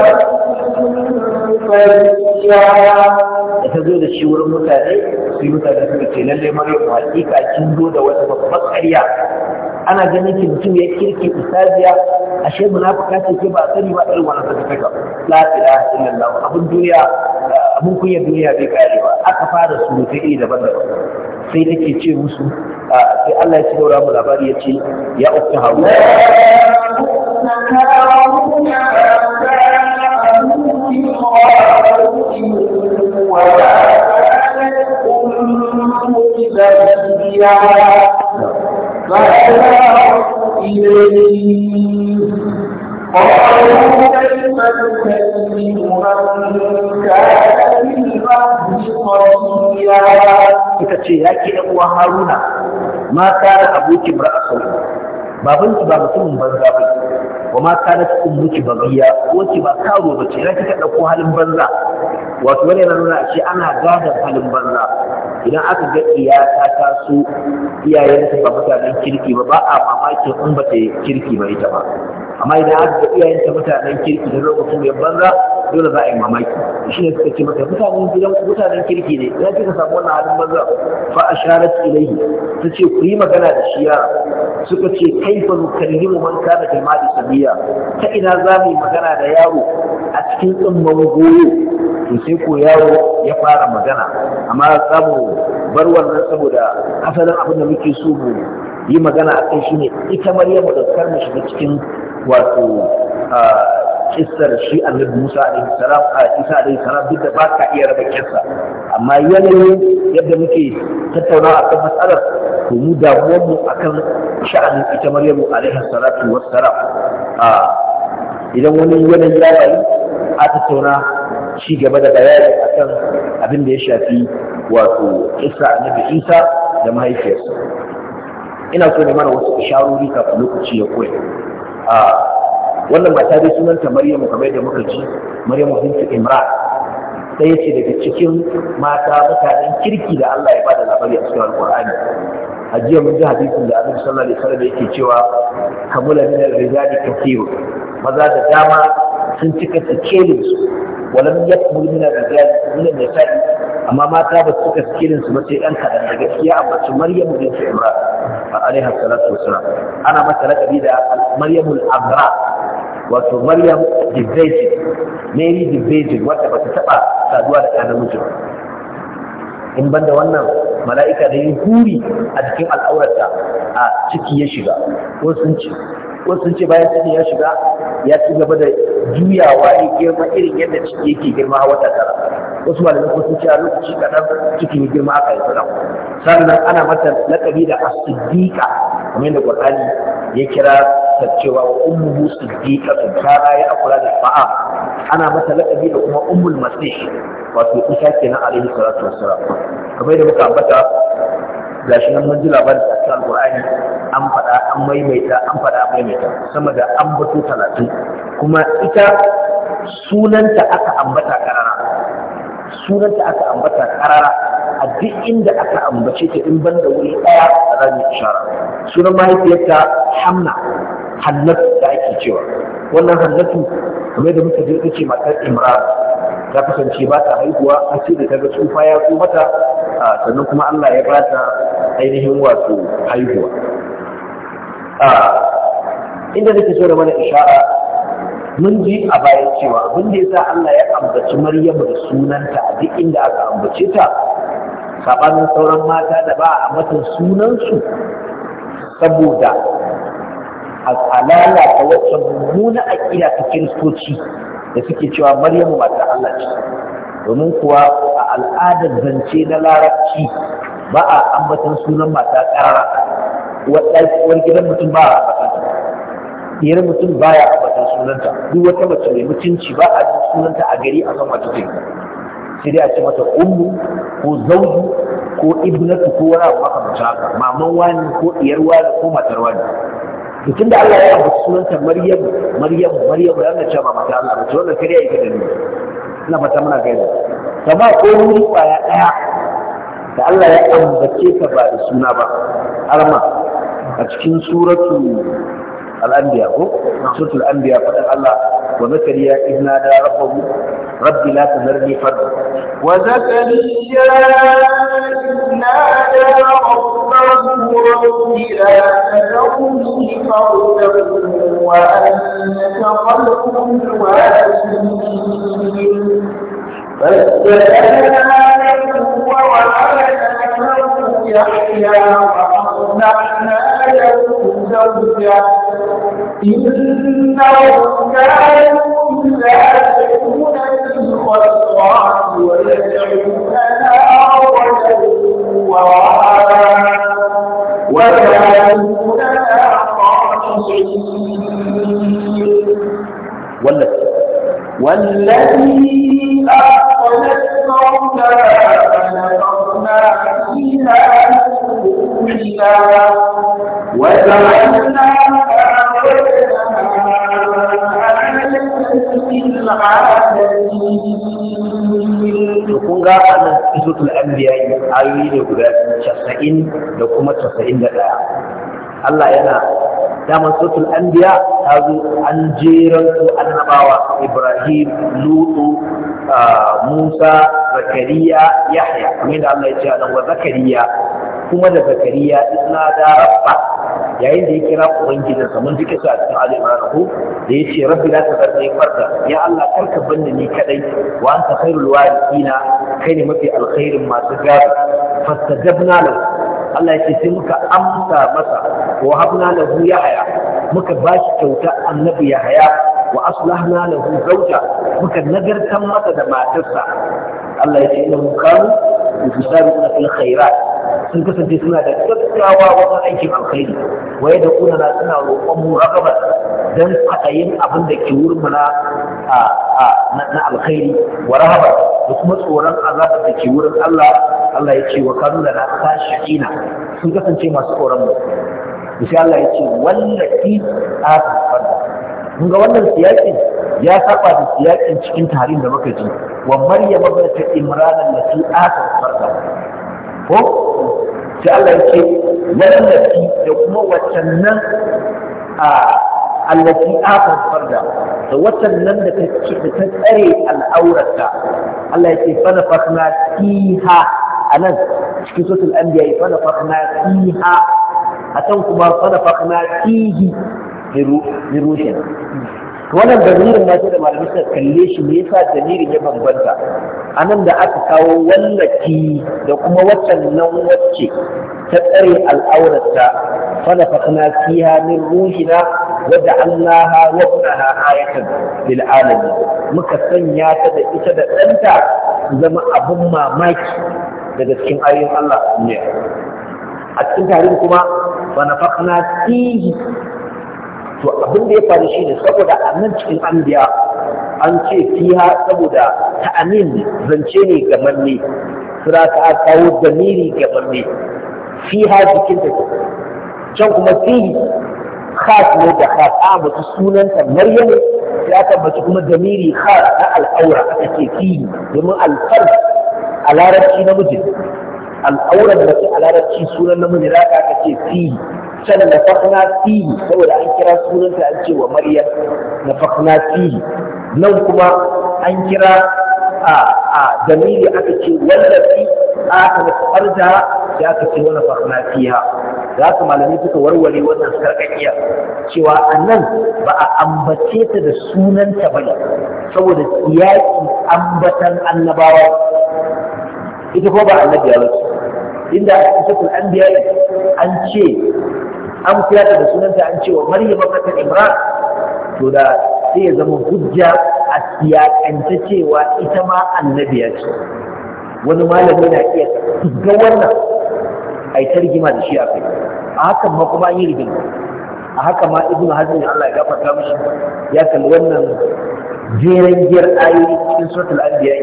da ta zo da shi wurin mutane su yi mutane suka ce lalle maryam hakika kin zo da wata babbar ƙarya ana ganin ki mutum ya kirki isabiya ashe munafika ce ke ba sani ba irin wannan saka saka la ilaha illallah abun duniya abun kunya duniya bai kare ba aka fara surutai daban-daban sai take ce musu sai Allah ya ci daura mu labari ya ce ya ukta haru فأشارت قالوا كيف نكلم من كان في الأرض Suka ce ya ke uwa Haruna ma kare abokin ra'asau babanki ba mutumin banza ba wa ma kare ummuki bagiya uwarki ba karo ba ce ya kika ɗauko halin banza wato wani yana nuna ce ana gadon halin banza idan aka ga iyaka ta so iyayen ba mutanen kirki ba ba a mamakin in ba ta kirki ba ita ba amma idan aka ga iyayenta mutanen kirki da lokacin ya banza dole za a yi mamaki shi ne suka ce mata mutanen gidan mutanen kirki ne ya ce ka samu wannan halin banza fa asharat ilaihi ta ce ku yi magana da shi yara suka ce kaifa nukallimu man kana fil mali sabiya ta ina za mu yi magana da yaro a cikin tsimman goyo to sai ko yaro ya fara magana amma za mu bar wannan saboda asalin abin da muke so mu yi magana a kai shine ita maryamu da karmashi cikin wato kissar shi annabi Musa alaihi salam a Isa alaihi duk da ba ka iya raba kissa amma yanayin yadda muke tattauna akan matsalar to mu damuwar mu akan sha'anin ita Maryamu alaihi salatu wassalam a idan wani yanayi ya yayi a tattauna ci gaba da bayani akan abin da ya shafi wato kisa annabi Isa da mahaifiyarsa ina so ne mana wasu isharori kafin lokaci ya koya a wannan mata dai sunanta maryamu kamar yadda muka ji maryamu bintu imran ɗaya ce daga cikin mata mutanen kirki da Allah ya bada labari a cikin alƙur'ani a jiya mun ji hadisin da annabi sallallahu alaihi wasallam yake cewa kamula min al rijali kathiru maza da dama sun cika sikelin su walam yakmul min ar-rijal min mai nisai amma mata ba su cika sikelin su ba sai dan da gaskiya amma su maryamu bin imran alaiha salatu wassalam ana mata lakabi da maryamul abra wato maryam dibbejin mary dibbejin wadda ba ta taba saduwa da ɗan namiji in banda wannan mala'ika da yi huri a cikin al'aurarta a ciki ya shiga ko sun ce wasu sun ce bayan cikin ya shiga ya ci gaba da juyawa ya girma irin yadda ciki yake girma a wata tara wasu malamai ko sun ce a lokaci kaɗan cikin girma aka yi sanar sannan ana mata lakabi da as-siddiqa kamar yadda qur'ani ya kira ta cewa wa ummuhu siddiqa ta ya akula da fa'a ana mata lakabi da kuma ummul masih wato isa kenan alaihi salatu wassalam kamar yadda muka ambata shi nan manji labarin da cikin an faɗa an maimaita an fada maimaita sama da an bato talatin kuma ita sunanta aka ambata karara sunanta aka ambata karara a duk inda aka ambace ta in banda wuri daya da za mu ishara sunan mahaifiyarta hamna hannatu da ake cewa wannan hannatu kamar da muka je ita ce matar imran ta kasance ba ta haihuwa a ce da kaga tsufa ya tso mata sannan kuma Allah ya bata ainihin wato haihuwa inda nake so da mana isha'a mun ji a bayan cewa abin da sa Allah ya ambaci maryam da sunanta a duk inda aka ambace ta sabanin sauran mata da ba a matan sunansu saboda a lalata wacce mummuna aƙida ta kiristoci da suke cewa maryamu matar Allah ce domin kuwa a al'adar zance na larabci ba a ambatan sunan mata karara wani gidan mutum ba a ambatan diyar mutum ba ya ambatan sunanta duk wata mace mai mutunci ba a sunanta a gari a san wata ce sai dai a ce mata ummu ko zauju ko ibnatu ko wani abu mace haka maman wani ko diyar wani ko matar wani to da Allah ya ambaci sunanta Maryam Maryam Maryam ya Allah ba mata Allah ba wannan kariya yake da ni ina fata muna gaida kama ko wuri ƙwaya daya da Allah ya ambace ta ba da suna ba Arma a cikin suratu الأنبياء سورة الأنبياء فقال الله ومثلي إذ نادى ربه ربي لا تذرني فردا وزكريا إذ نادى ربه ربي لا تذرني فردا وأنت خلق الواحد فاستأذن عليه يحيى وأصلحنا له زوجه إنهم كانوا يسارعون في الخيرات ويدعوننا رجلا وراء وكانوا لنا خاشعين والذي أحسنت مولانا وما فيها إلا وجعلنا kun ga anan suratul anbiya ayoyi ne guda 90 da kuma 91 Allah yana daman sautul biya, ta zo an jeran su annabawa ibrahim lutu musa zakariya yahya kuma da Allah ya ce nan wa zakariya kuma da zakariya isna da rabba yayin da ya kira ubangijinsa mun ji kisa a cikin ali imran ko da ya ce rabbi la tazarni farda ya Allah karka banni ni kadai wa anta khairul warithina kai ne mafi alkhairin masu gado fastajabna lahu Allah ya ce sai muka amsa masa wa habna lahu yahya muka bashi kyauta annabi yahya wa aslahna lahu zawja muka nagartan masa da matarsa Allah ya ce inna kanu yusabiquna fil khairat sun kasance suna da gaggawa wajen aikin alkhairi waye da kuna na suna roƙon mu ragabar dan fatayin abin da ke wurin na na alkhairi wa rahaba da kuma tsoron azabar da ke wurin Allah Allah ya ce wa kanu lana khashiina sun kasance masu tsoron mu insha Allah ya ce wallati atafadda kun ga wannan siyakin ya saba da siyakin cikin tarihin da muka ji wa maryam ibnat imran allati atat farda ko sai Allah ya ce wallati da kuma waccannan a allati atat farda da waccannan da ta ta tsare al'aurata Allah ya ce fa nafakhna fiha anan cikin suratul anbiya fa nafakhna fiha atan kuma fa nafakhna fihi birushin wannan damirin na da malamai suka kalle shi ne yasa damirin ya bambanta a nan da aka kawo wallaki da kuma waccan nan wacce ta tsare al'aurarta fana fakna siya min ruhina wadda ja'alnaha wa kunaha ayatan lil muka sanya ta da ita da ɗanta zama abin mamaki daga cikin ayoyin Allah ne a cikin tarihi kuma fana fakna siya. to abin da ya faru shi ne saboda a nan cikin anbiya an ce fiha saboda ta'amin zance ne ga manne sura ta kawo damiri ga manne fiha jikin ta can kuma fihi khas ne da khas a sunan sunanta maryam sai aka bata kuma damiri khas na al'aura aka ce fihi domin alfar a larabci namiji al'auran mace a larabci sunan namiji za ka ce fihi can na fakna fihi saboda an kira sunanta an ce wa maryam na fakna fihi nan kuma an kira a a zamiri aka ce wallafi aka na farja da aka ce wani fakna fiha za ka malamai suka warware wannan sarƙaƙiyar cewa anan ba a ambace ta da sunanta ba ne saboda yaƙi ambatan annabawa ita ko ba annabiya ba inda a cikin an an ce an kira ta da sunanta an cewa maryam ta imran to da sai ya zama hujja a siyakance cewa ita ma annabiya ce wani malami na iya ga wannan a yi targima da shi a kai a hakan ma kuma an yi rigima a haka ma ibnu hazmi Allah ya gafarta mishi ya kalli wannan jeren giyar ayoyi cikin suratul anbiya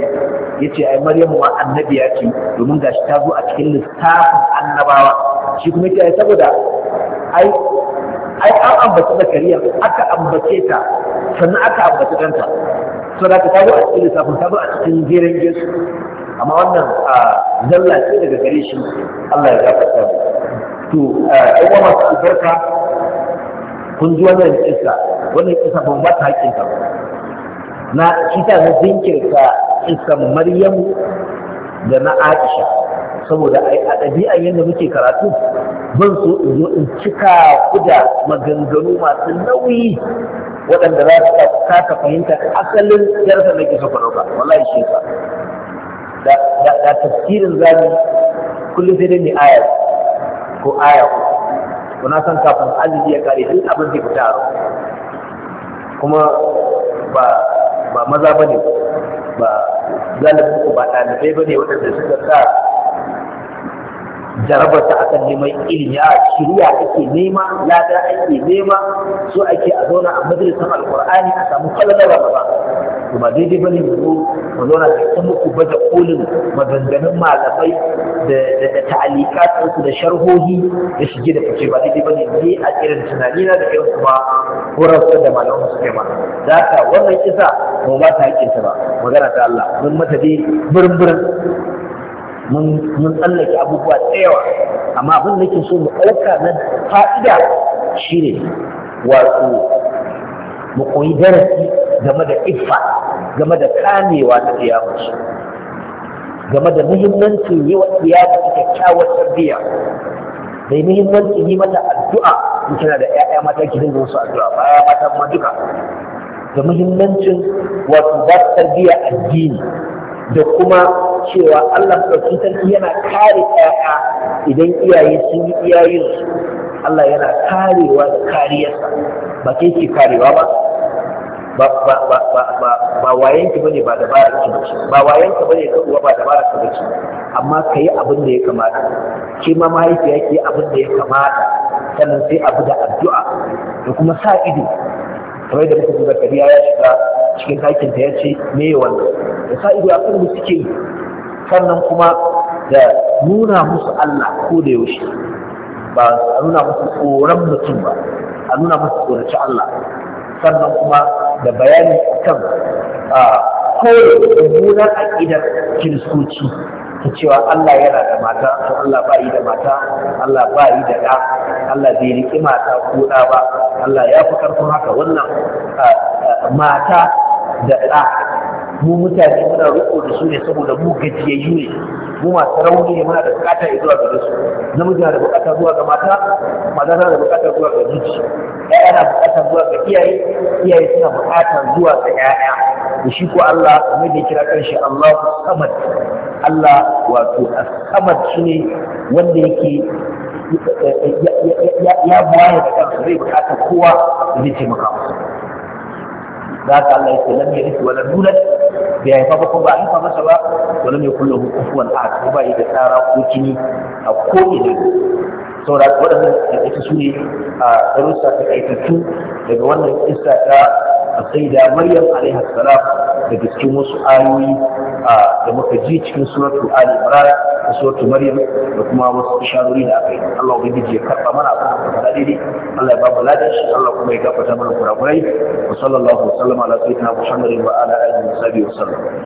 yace ai maryamu ma annabiya ce domin gashi ta zo a cikin lissafin annabawa shi kuma yake saboda ai ai an ambaci zakariya aka ambace ta sannan aka ambaci danta saboda ta zo a cikin lissafin ta zo a cikin jeren giyar amma wannan zalla ce daga gare shi Allah ya gafarta to ai masu barka kun ji wannan kisa wannan kisa ban ba ta hakkin ta na shi ta na jinkirta isan maryamu da na aisha saboda a ɗabi'an yadda muke karatu zan so in zo in cika kuda maganganu masu nauyi waɗanda za su kasa fahimta asalin yarsa na kisa faru ba wallahi shi ka da tafsirin zami kullum sai dai mai aya ko aya ko na san kafin arziki ya kare duk abin zai fita kuma ba ba maza ba ne ba zalibu ba ɗalibai ba ne waɗanda suka sa jarabarta akan neman ilimi a shirya ake nema lada ake nema so ake a zauna a majalisar alkur'ani a samu kallon ramadan to ba daidai ba ne zo mu zauna da ta muku baje kolin maganganun malamai da da ta'alikat su da sharhohi da shige da fice ba daidai ba ne a irin tunani na da irin kuma horarsa da malamai su kai ma da haka wannan kisa ba ba ta hakkin ta ba magana ta Allah mun mata dai burin burin mun tsallake abubuwa da yawa amma abin da ke so mu ɗauka na fa'ida shi ne wato mu koyi darasi game da iffa game da kamewa ta kiyamusu game da muhimmancin yi wa kiyamu ta kyakkyawar tarbiyya mai muhimmancin yi mata addu'a in kina da 'ya'ya mata ki dinga wasu addu'a ba ya mata ma duka da muhimmancin wato ba tarbiyya addini da kuma cewa Allah ɗauki fitar yana kare ƴaƴa idan iyaye sun yi iyayen su Allah yana karewa da kariyarsa ba ke ke karewa ba ba wayan ba bane ba da bara bane ba dabarar ki bace ba wayanka bane ka uwa ba bara ka bace amma kai abin da ya kamata ke ma mahaifiya ke abin da ya kamata sannan sai abu da addu'a da kuma sa ido kamar da muka duba kariya ya shiga cikin ɗakin ta ya ce me wannan da sa a kalbi suke yi sannan kuma da nuna musu Allah ko da yaushe ba a nuna musu tsoron mutum ba a nuna musu tsoraci Allah sannan kuma da bayani kan kawai a idan kiristoci ta cewa Allah yana da mata Ko Allah ba yi da mata Allah ba yi da ɗa Allah bai riƙi mata ko ɗa ba Allah ya fi ƙarfin haka wannan mata da ɗa mu mutane muna riko da su ne saboda mu gajiyayyu ne mu masu rauni ne muna da bukata zuwa ga su namiji na da bukata zuwa ga mata mata na da bukata zuwa ga miji ƴaƴa na bukata zuwa ga iyaye iyaye suna bukata zuwa ga ƴaƴa da shi ko Allah kamar da kira kanshi Allahu samad Allah wato as-samad shine wanda yake ya buwaye da kansa zai bukata kowa zai taimaka masa ذات الله يسلم يرث ولا يولد bai haifa ba ko ba a haifa masa ba wani mai kullum kufuwan a ko ba yi da tsara ko kini a ko'ina saura waɗannan da ita su ne a darussa ta kaitattu daga wannan isa ta da maryam alaihi salam daga cikin wasu ayoyi da muka ji cikin suratu ali imran da suratu maryam da kuma wasu isharori da aka yi Allah ubangiji ya karba mana abin da faɗa daidai Allah ya ba mu ladan shi Allah kuma ya gafarta mana kurakurai wa sallallahu alaihi wa sallama ala sayyidina Muhammadin wa ala alihi wa sahbihi wa